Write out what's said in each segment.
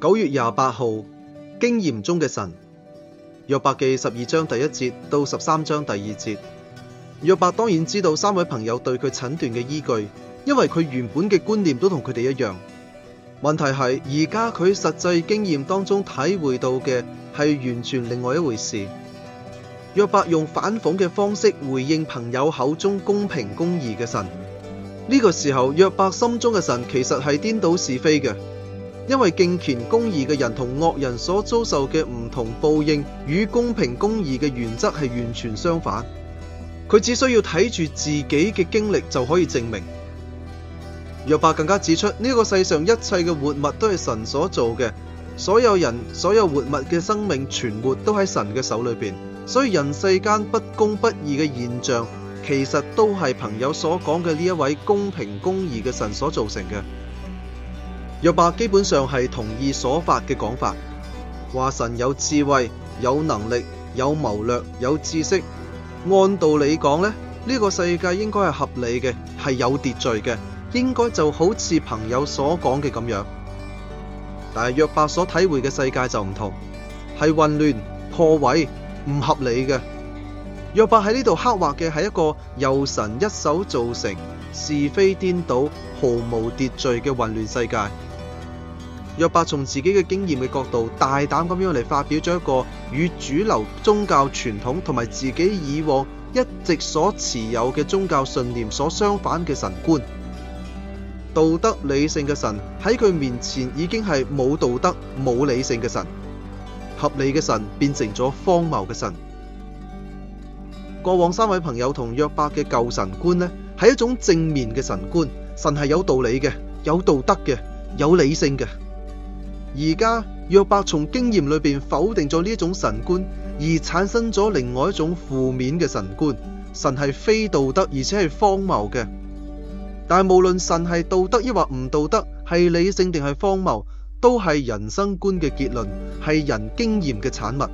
九月廿八號，經驗中嘅神，約伯記十二章第一節到十三章第二節，約伯當然知道三位朋友對佢診斷嘅依據，因為佢原本嘅觀念都同佢哋一樣。問題係而家佢實際經驗當中體會到嘅係完全另外一回事。約伯用反諷嘅方式回應朋友口中公平公義嘅神，呢、這個時候約伯心中嘅神其實係顛倒是非嘅。因為敬虔公義嘅人同惡人所遭受嘅唔同報應，與公平公義嘅原則係完全相反。佢只需要睇住自己嘅經歷就可以證明。約伯更加指出呢個世上一切嘅活物都係神所做嘅，所有人所有活物嘅生命存活都喺神嘅手裏邊，所以人世間不公不義嘅現象，其實都係朋友所講嘅呢一位公平公義嘅神所造成嘅。約伯基本上係同意所發嘅講法，話神有智慧、有能力、有謀略、有知識。按道理講咧，呢個世界應該係合理嘅，係有秩序嘅，應該就好似朋友所講嘅咁樣。但係約伯所體會嘅世界就唔同，係混亂、破毀、唔合理嘅。約伯喺呢度刻畫嘅係一個由神一手造成、是非顛倒、毫無秩序嘅混亂世界。約伯從自己嘅經驗嘅角度大膽咁樣嚟，發表咗一個與主流宗教傳統同埋自己以往一直所持有嘅宗教信念所相反嘅神觀。道德理性嘅神喺佢面前已經係冇道德冇理性嘅神，合理嘅神變成咗荒謬嘅神。過往三位朋友同約伯嘅舊神觀呢，係一種正面嘅神觀，神係有道理嘅、有道德嘅、有理性嘅。而家約伯從經驗裏邊否定咗呢一種神觀，而產生咗另外一種負面嘅神觀。神係非道德，而且係荒謬嘅。但係無論神係道德抑或唔道德，係理性定係荒謬，都係人生觀嘅結論，係人經驗嘅產物。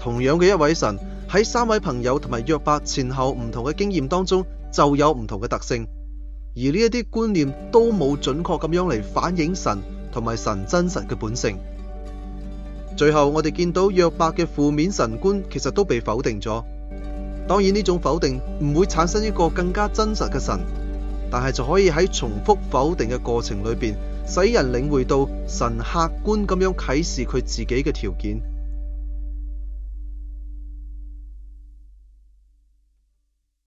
同樣嘅一位神喺三位朋友同埋約伯前後唔同嘅經驗當中，就有唔同嘅特性。而呢一啲觀念都冇準確咁樣嚟反映神同埋神真實嘅本性。最後我哋見到約伯嘅負面神觀其實都被否定咗。當然呢種否定唔會產生一個更加真實嘅神，但係就可以喺重複否定嘅過程裏邊，使人領會到神客觀咁樣啟示佢自己嘅條件。